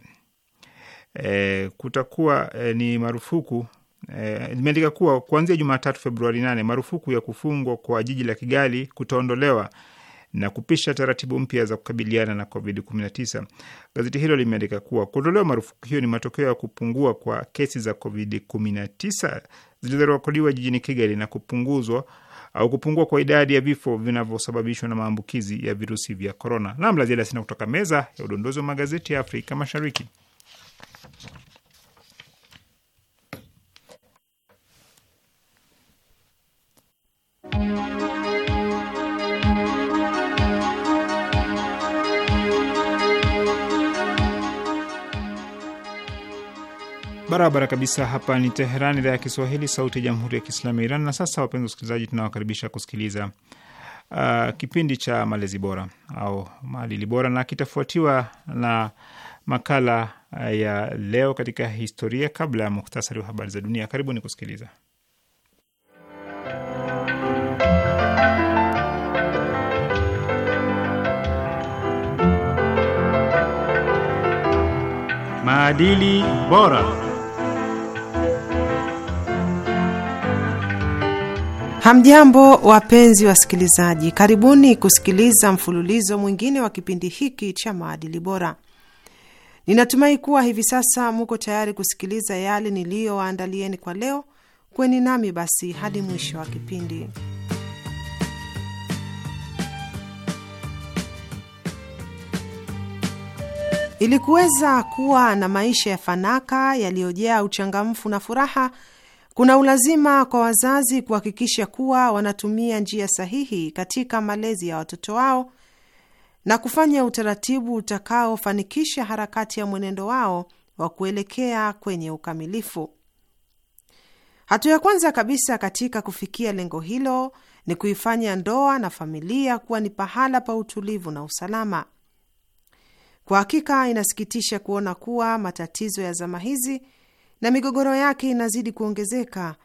e, kutakuwa e, ni marufuku e, kuwa kuanzia Jumatatu Februari nane marufuku ya kufungwa kwa jiji la Kigali kutaondolewa na kupisha taratibu mpya za kukabiliana na COVID-19. Gazeti hilo limeandika kuwa kuondolewa marufuku hiyo ni matokeo ya kupungua kwa kesi za COVID-19 zilizorekodiwa jijini Kigali na kupunguzwa au kupungua kwa idadi ya vifo vinavyosababishwa na maambukizi ya virusi vya korona. Namlaziada sina kutoka meza ya udondozi wa magazeti ya Afrika Mashariki. barabara kabisa. Hapa ni Teheran, idhaa ya Kiswahili, sauti ya jamhuri ya kiislamu ya Iran. Na sasa, wapenzi wasikilizaji, tunawakaribisha kusikiliza uh, kipindi cha malezi bora au maadili bora, na kitafuatiwa na makala uh, ya leo katika historia, kabla ya muhtasari wa habari za dunia. Karibuni kusikiliza. Maadili bora. Hamjambo, wapenzi wasikilizaji, karibuni kusikiliza mfululizo mwingine wa kipindi hiki cha maadili bora. Ninatumai kuwa hivi sasa muko tayari kusikiliza yale niliyowaandalieni kwa leo. Kweni nami basi hadi mwisho wa kipindi. Ili kuweza kuwa na maisha ya fanaka yaliyojaa uchangamfu na furaha kuna ulazima kwa wazazi kuhakikisha kuwa wanatumia njia sahihi katika malezi ya watoto wao na kufanya utaratibu utakaofanikisha harakati ya mwenendo wao wa kuelekea kwenye ukamilifu. Hatua ya kwanza kabisa katika kufikia lengo hilo ni kuifanya ndoa na familia kuwa ni pahala pa utulivu na usalama. Kwa hakika, inasikitisha kuona kuwa matatizo ya zama hizi na migogoro yake inazidi kuongezeka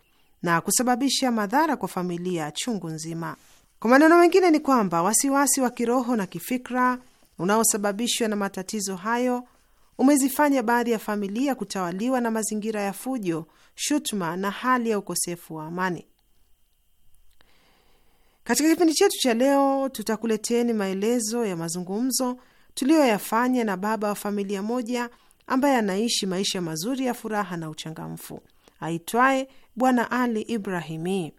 na kusababisha madhara kwa familia chungu nzima. Kwa maneno mengine, ni kwamba wasiwasi wa kiroho na kifikra unaosababishwa na matatizo hayo umezifanya baadhi ya familia kutawaliwa na mazingira ya fujo, shutuma na hali ya ukosefu wa amani. Katika kipindi chetu cha leo, tutakuleteeni maelezo ya mazungumzo tuliyoyafanya na baba wa familia moja ambaye anaishi maisha mazuri ya furaha na uchangamfu aitwaye Bwana Ali Ibrahimi.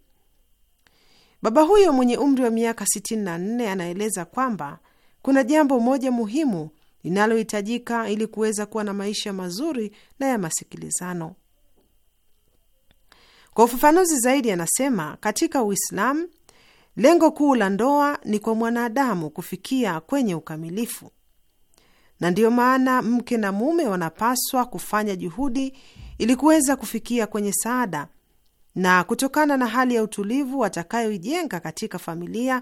Baba huyo mwenye umri wa miaka 64 anaeleza kwamba kuna jambo moja muhimu linalohitajika ili kuweza kuwa na maisha mazuri na ya masikilizano. Kwa ufafanuzi zaidi, anasema katika Uislamu lengo kuu la ndoa ni kwa mwanadamu kufikia kwenye ukamilifu na ndiyo maana mke na mume wanapaswa kufanya juhudi ili kuweza kufikia kwenye saada, na kutokana na hali ya utulivu watakayoijenga katika familia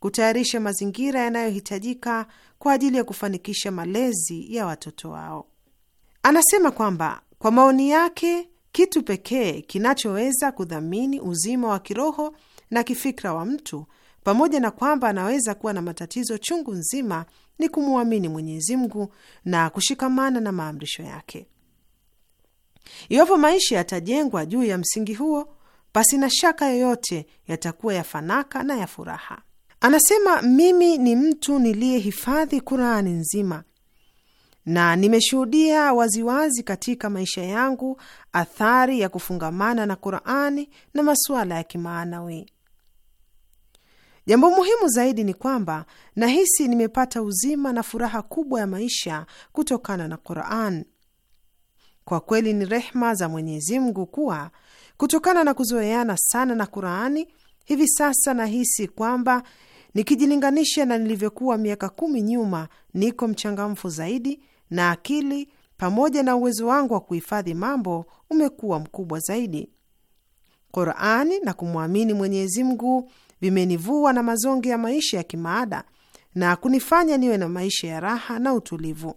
kutayarisha mazingira yanayohitajika kwa ajili ya kufanikisha malezi ya watoto wao. Anasema kwamba kwa maoni yake, kitu pekee kinachoweza kudhamini uzima wa kiroho na kifikra wa mtu pamoja na kwamba anaweza kuwa na matatizo chungu nzima, ni kumwamini Mwenyezi Mungu na kushikamana na maamrisho yake. Iwapo maisha yatajengwa juu ya msingi huo, basi na shaka yoyote yatakuwa ya fanaka na ya furaha. Anasema, mimi ni mtu niliyehifadhi Kurani nzima na nimeshuhudia waziwazi katika maisha yangu athari ya kufungamana na Qurani na masuala ya kimaanawi. Jambo muhimu zaidi ni kwamba nahisi nimepata uzima na furaha kubwa ya maisha kutokana na Quran. Kwa kweli ni rehma za Mwenyezi Mungu kuwa kutokana na kuzoeana sana na Qurani, hivi sasa nahisi kwamba nikijilinganisha na nilivyokuwa miaka kumi nyuma, niko mchangamfu zaidi na akili pamoja na uwezo wangu wa kuhifadhi mambo umekuwa mkubwa zaidi. Qurani na kumwamini Mwenyezi Mungu vimenivua na mazonge ya maisha ya kimaada na kunifanya niwe na maisha ya raha na utulivu,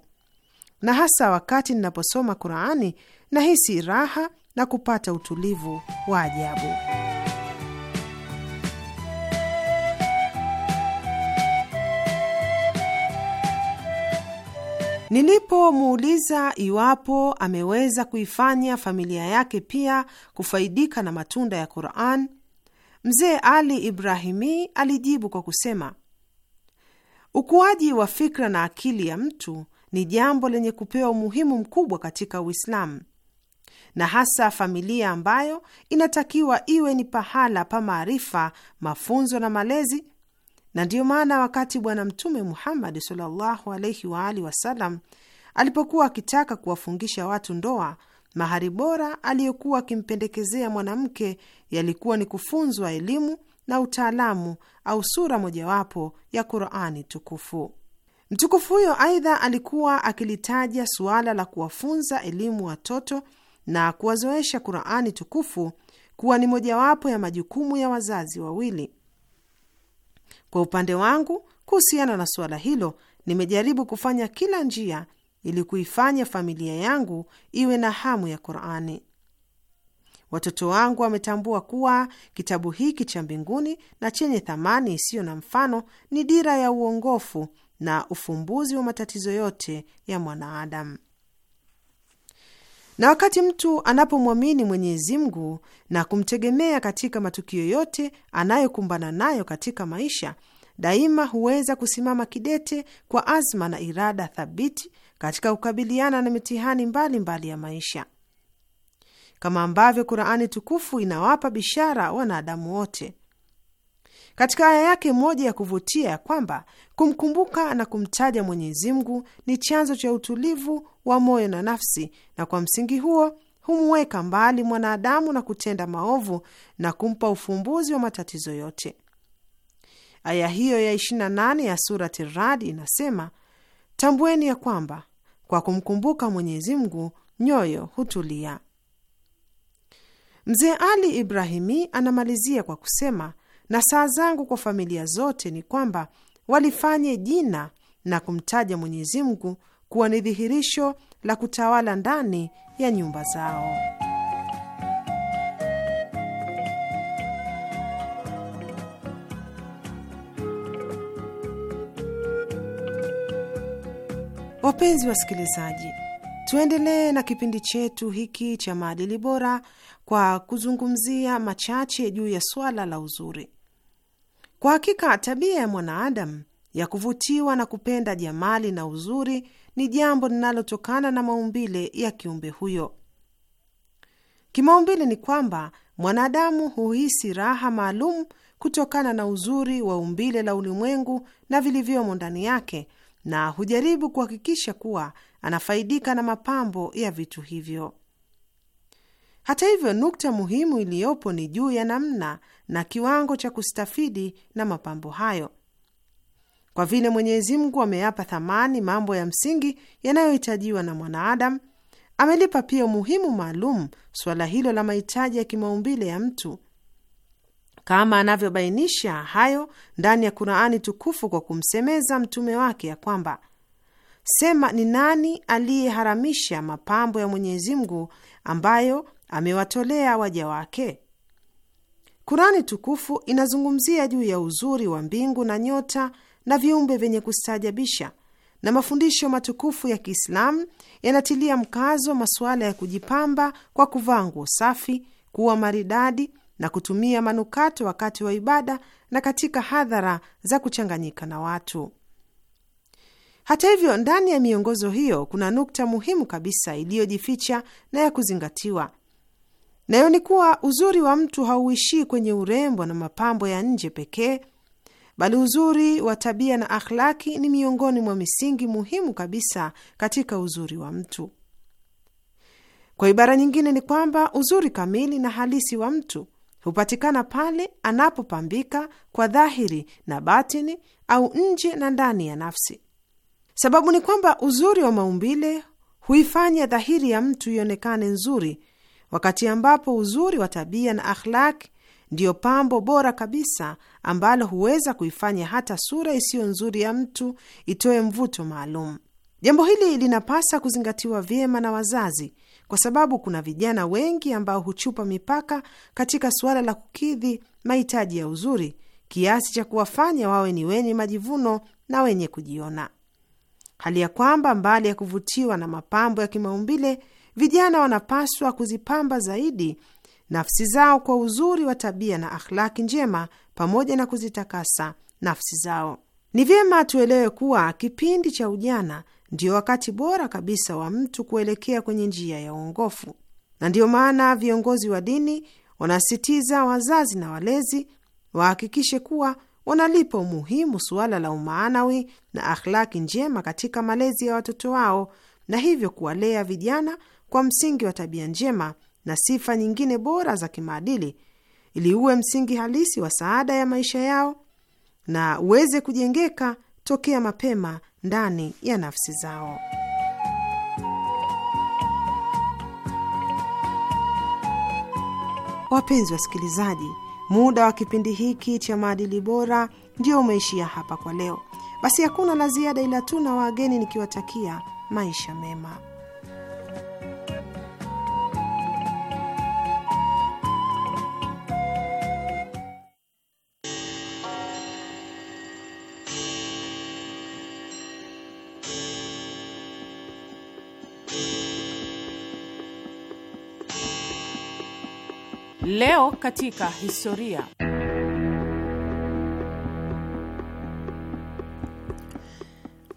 na hasa wakati ninaposoma Qurani nahisi raha na kupata utulivu wa ajabu. Nilipomuuliza iwapo ameweza kuifanya familia yake pia kufaidika na matunda ya Quran, Mzee Ali Ibrahimi alijibu kwa kusema, ukuaji wa fikra na akili ya mtu ni jambo lenye kupewa umuhimu mkubwa katika Uislamu na hasa familia ambayo inatakiwa iwe ni pahala pa maarifa, mafunzo na malezi. Na ndiyo maana wakati Bwana Mtume Muhammadi sallallahu alaihi waalihi wasalam alipokuwa akitaka kuwafungisha watu ndoa Mahari bora aliyokuwa akimpendekezea mwanamke yalikuwa ni kufunzwa elimu na utaalamu au sura mojawapo ya Qurani tukufu. Mtukufu huyo aidha alikuwa akilitaja suala la kuwafunza elimu watoto na kuwazoesha Qurani tukufu kuwa ni mojawapo ya majukumu ya wazazi wawili. Kwa upande wangu, kuhusiana na suala hilo, nimejaribu kufanya kila njia ili kuifanya familia yangu iwe na hamu ya Qurani. Watoto wangu wametambua kuwa kitabu hiki cha mbinguni na chenye thamani isiyo na mfano ni dira ya uongofu na ufumbuzi wa matatizo yote ya mwanaadamu. Na wakati mtu anapomwamini Mwenyezi Mungu na kumtegemea katika matukio yote anayokumbana nayo katika maisha, daima huweza kusimama kidete kwa azma na irada thabiti katika kukabiliana na mitihani mbalimbali mbali ya maisha, kama ambavyo Qurani tukufu inawapa bishara wanadamu wote katika aya yake moja ya kuvutia ya kwamba kumkumbuka na kumtaja Mwenyezi Mungu ni chanzo cha utulivu wa moyo na nafsi, na kwa msingi huo humweka mbali mwanadamu na kutenda maovu na kumpa ufumbuzi wa matatizo yote. Aya hiyo ya 28 ya surati Rad inasema, tambueni ya kwamba kwa kumkumbuka Mwenyezi Mungu nyoyo hutulia. Mzee Ali Ibrahimi anamalizia kwa kusema, na saa zangu kwa familia zote ni kwamba walifanye jina na kumtaja Mwenyezi Mungu kuwa ni dhihirisho la kutawala ndani ya nyumba zao. Wapenzi wasikilizaji, tuendelee na kipindi chetu hiki cha maadili bora kwa kuzungumzia machache juu ya swala la uzuri. Kwa hakika tabia ya mwanaadamu ya kuvutiwa na kupenda jamali na uzuri ni jambo linalotokana na maumbile ya kiumbe huyo. Kimaumbile ni kwamba mwanadamu huhisi raha maalum kutokana na uzuri wa umbile la ulimwengu na vilivyomo ndani yake, na hujaribu kuhakikisha kuwa anafaidika na mapambo ya vitu hivyo. Hata hivyo, nukta muhimu iliyopo ni juu ya namna na kiwango cha kustafidi na mapambo hayo, kwa vile Mwenyezi Mungu ameyapa thamani mambo ya msingi yanayohitajiwa na mwanaadamu. Amelipa pia umuhimu maalum suala hilo la mahitaji ya kimaumbile ya mtu kama anavyobainisha hayo ndani ya Qurani tukufu kwa kumsemeza mtume wake ya kwamba Sema, ni nani aliyeharamisha mapambo ya Mwenyezi Mungu ambayo amewatolea waja wake? Kurani tukufu inazungumzia juu ya uzuri wa mbingu na nyota na viumbe vyenye kustaajabisha, na mafundisho matukufu ya Kiislamu yanatilia mkazo masuala ya kujipamba kwa kuvaa nguo safi, kuwa maridadi na kutumia manukato wakati wa ibada na katika hadhara za kuchanganyika na watu. Hata hivyo, ndani ya miongozo hiyo kuna nukta muhimu kabisa iliyojificha na ya kuzingatiwa, nayo ni kuwa uzuri wa mtu hauishii kwenye urembo na mapambo ya nje pekee, bali uzuri wa tabia na akhlaki ni miongoni mwa misingi muhimu kabisa katika uzuri wa mtu. Kwa ibara nyingine, ni kwamba uzuri kamili na halisi wa mtu hupatikana pale anapopambika kwa dhahiri na batini au nje na ndani ya nafsi. Sababu ni kwamba uzuri wa maumbile huifanya dhahiri ya mtu ionekane nzuri, wakati ambapo uzuri wa tabia na akhlak ndiyo pambo bora kabisa ambalo huweza kuifanya hata sura isiyo nzuri ya mtu itoe mvuto maalum. Jambo hili linapasa kuzingatiwa vyema na wazazi kwa sababu kuna vijana wengi ambao huchupa mipaka katika suala la kukidhi mahitaji ya uzuri kiasi cha kuwafanya wawe ni wenye majivuno na wenye kujiona, hali ya kwamba mbali ya kuvutiwa na mapambo ya kimaumbile, vijana wanapaswa kuzipamba zaidi nafsi zao kwa uzuri wa tabia na akhlaki njema pamoja na kuzitakasa nafsi zao. Ni vyema tuelewe kuwa kipindi cha ujana ndio wakati bora kabisa wa mtu kuelekea kwenye njia ya uongofu, na ndiyo maana viongozi wa dini wanasisitiza wazazi na walezi wahakikishe kuwa wanalipa umuhimu suala la umaanawi na akhlaki njema katika malezi ya watoto wao, na hivyo kuwalea vijana kwa msingi wa tabia njema na sifa nyingine bora za kimaadili, ili uwe msingi halisi wa saada ya maisha yao na uweze kujengeka tokea mapema ndani ya nafsi zao. Wapenzi wasikilizaji, muda wa kipindi hiki cha maadili bora ndio umeishia hapa kwa leo. Basi hakuna la ziada, ila tu na wageni nikiwatakia maisha mema. Leo katika historia.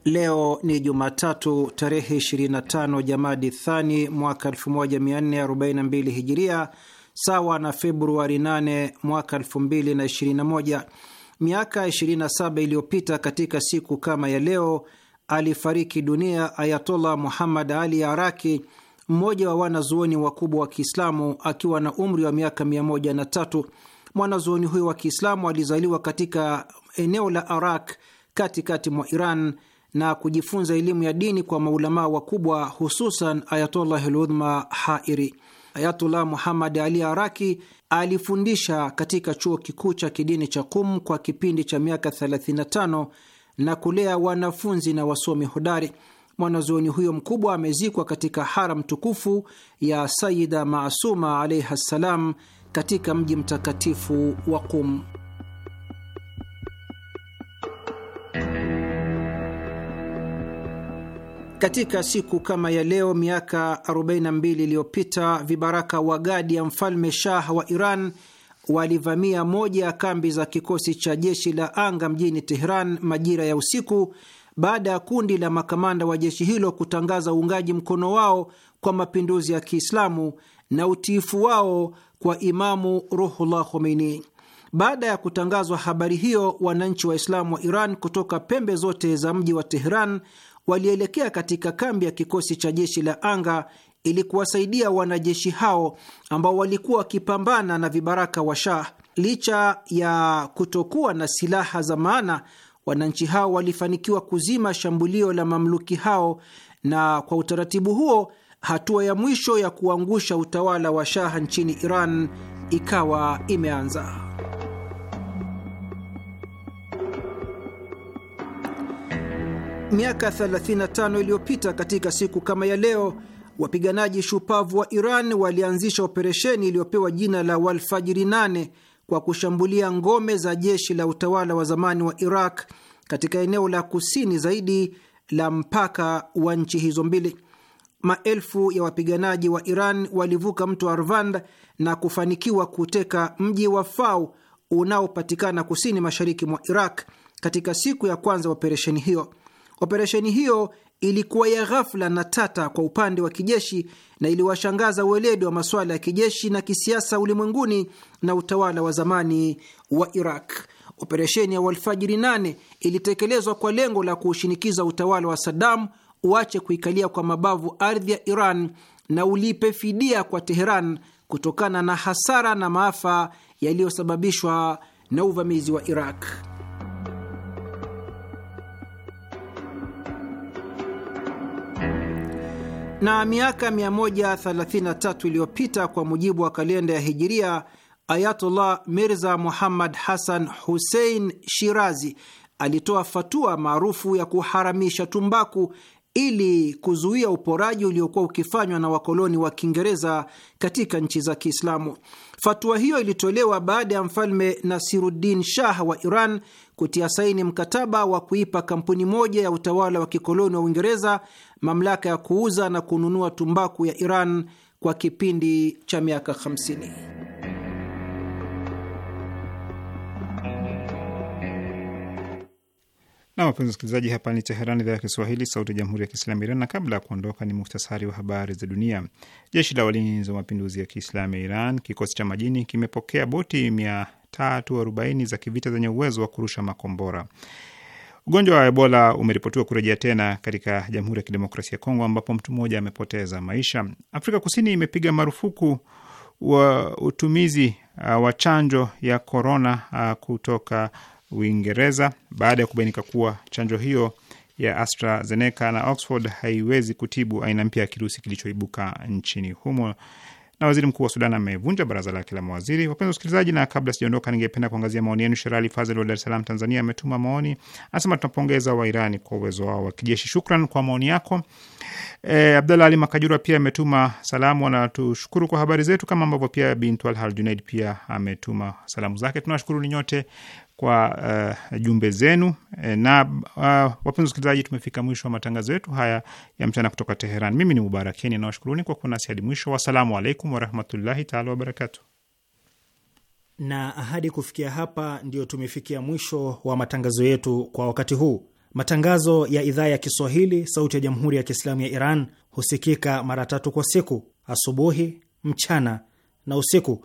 Leo ni Jumatatu tarehe 25 Jamadi Thani mwaka 1442 Hijiria, sawa na Februari 8 mwaka 2021. Miaka 27 iliyopita katika siku kama ya leo alifariki dunia Ayatollah Muhammad Ali Araki, mmoja wa wanazuoni wakubwa wa Kiislamu akiwa na umri wa miaka mia moja na tatu. Mwanazuoni huyo wa Kiislamu alizaliwa katika eneo la Arak katikati mwa Iran na kujifunza elimu ya dini kwa maulamaa wakubwa, hususan Ayatollah Ludhma Hairi. Ayatullah Muhammad Ali Araki alifundisha katika chuo kikuu cha kidini cha Kum kwa kipindi cha miaka 35 na kulea wanafunzi na wasomi hodari. Mwanazuoni huyo mkubwa amezikwa katika haram tukufu ya Sayida Masuma alaihi ssalam katika mji mtakatifu wa Qum. Katika siku kama ya leo miaka 42 iliyopita vibaraka wa gadi ya mfalme Shah wa Iran walivamia moja ya kambi za kikosi cha jeshi la anga mjini Tehran majira ya usiku baada ya kundi la makamanda wa jeshi hilo kutangaza uungaji mkono wao kwa mapinduzi ya Kiislamu na utiifu wao kwa Imamu Ruhullah Khomeini. Baada ya kutangazwa habari hiyo, wananchi Waislamu wa Iran kutoka pembe zote za mji wa Teheran walielekea katika kambi ya kikosi cha jeshi la anga ili kuwasaidia wanajeshi hao ambao walikuwa wakipambana na vibaraka wa Shah. Licha ya kutokuwa na silaha za maana, wananchi hao walifanikiwa kuzima shambulio la mamluki hao, na kwa utaratibu huo hatua ya mwisho ya kuangusha utawala wa shaha nchini Iran ikawa imeanza. Miaka 35 iliyopita katika siku kama ya leo, wapiganaji shupavu wa Iran walianzisha operesheni iliyopewa jina la Walfajiri 8 kwa kushambulia ngome za jeshi la utawala wa zamani wa Iraq katika eneo la kusini zaidi la mpaka wa nchi hizo mbili. Maelfu ya wapiganaji wa Iran walivuka mto Arvand na kufanikiwa kuteka mji wa Fau unaopatikana kusini mashariki mwa Iraq katika siku ya kwanza operesheni hiyo. Operesheni hiyo ilikuwa ya ghafla na tata kwa upande wa kijeshi na iliwashangaza ueledi wa masuala ya kijeshi na kisiasa ulimwenguni na utawala wa zamani wa Iraq. Operesheni ya Walfajiri 8 ilitekelezwa kwa lengo la kuushinikiza utawala wa Saddam uache kuikalia kwa mabavu ardhi ya Iran na ulipe fidia kwa Teheran kutokana na hasara na maafa yaliyosababishwa na uvamizi wa Iraq. na miaka 133 iliyopita kwa mujibu wa kalenda ya Hijiria, Ayatullah Mirza Muhammad Hassan Hussein Shirazi alitoa fatua maarufu ya kuharamisha tumbaku ili kuzuia uporaji uliokuwa ukifanywa na wakoloni wa Kiingereza katika nchi za Kiislamu. Fatua hiyo ilitolewa baada ya mfalme Nasiruddin Shah wa Iran kutia saini mkataba wa kuipa kampuni moja ya utawala wa kikoloni wa Uingereza mamlaka ya kuuza na kununua tumbaku ya Iran kwa kipindi cha miaka 50. Na wapenzi wasikilizaji, hapa ni Teherani, idhaa ya Kiswahili, sauti ya jamhuri ya kiislamu Iran. Na kabla ya kuondoka, ni muhtasari wa habari za dunia. Jeshi la walinzi wa mapinduzi ya kiislamu ya Iran, kikosi cha majini, kimepokea boti 340 za kivita zenye uwezo wa kurusha makombora. Ugonjwa wa Ebola umeripotiwa kurejea tena katika Jamhuri ya Kidemokrasia ya Kongo, ambapo mtu mmoja amepoteza maisha. Afrika Kusini imepiga marufuku wa utumizi uh, wa chanjo ya korona uh, kutoka Uingereza baada ya kubainika kuwa chanjo hiyo ya AstraZeneca na Oxford haiwezi kutibu aina mpya ya kirusi kilichoibuka nchini humo. Na waziri mkuu wa Sudan amevunja baraza lake la mawaziri. Wapenzi wasikilizaji, na kabla sijaondoka, ningependa kuangazia maoni yenu. Sherali Fazel wa Dar es Salaam, Tanzania, ametuma maoni, anasema tunapongeza Wairani kwa uwezo wao wa kijeshi. Shukran kwa maoni yako. E, Abdallah Ali Makajura pia ametuma salamu, anatushukuru kwa habari zetu, kama ambavyo pia Bintu Al pia ametuma salamu zake. Tunawashukuru ni nyote kwa uh, jumbe zenu e, na uh, wapenzi wasikilizaji, tumefika mwisho wa matangazo yetu haya ya mchana kutoka Teheran. Mimi ni Mubarakeni nawashukuruni kwa kuwa nasi hadi mwisho. Wassalamu alaikum warahmatullahi taala wabarakatu. Na ahadi kufikia hapa, ndiyo tumefikia mwisho wa matangazo yetu kwa wakati huu. Matangazo ya idhaa ya Kiswahili sauti ya jamhuri ya Kiislamu ya Iran husikika mara tatu kwa siku: asubuhi, mchana na usiku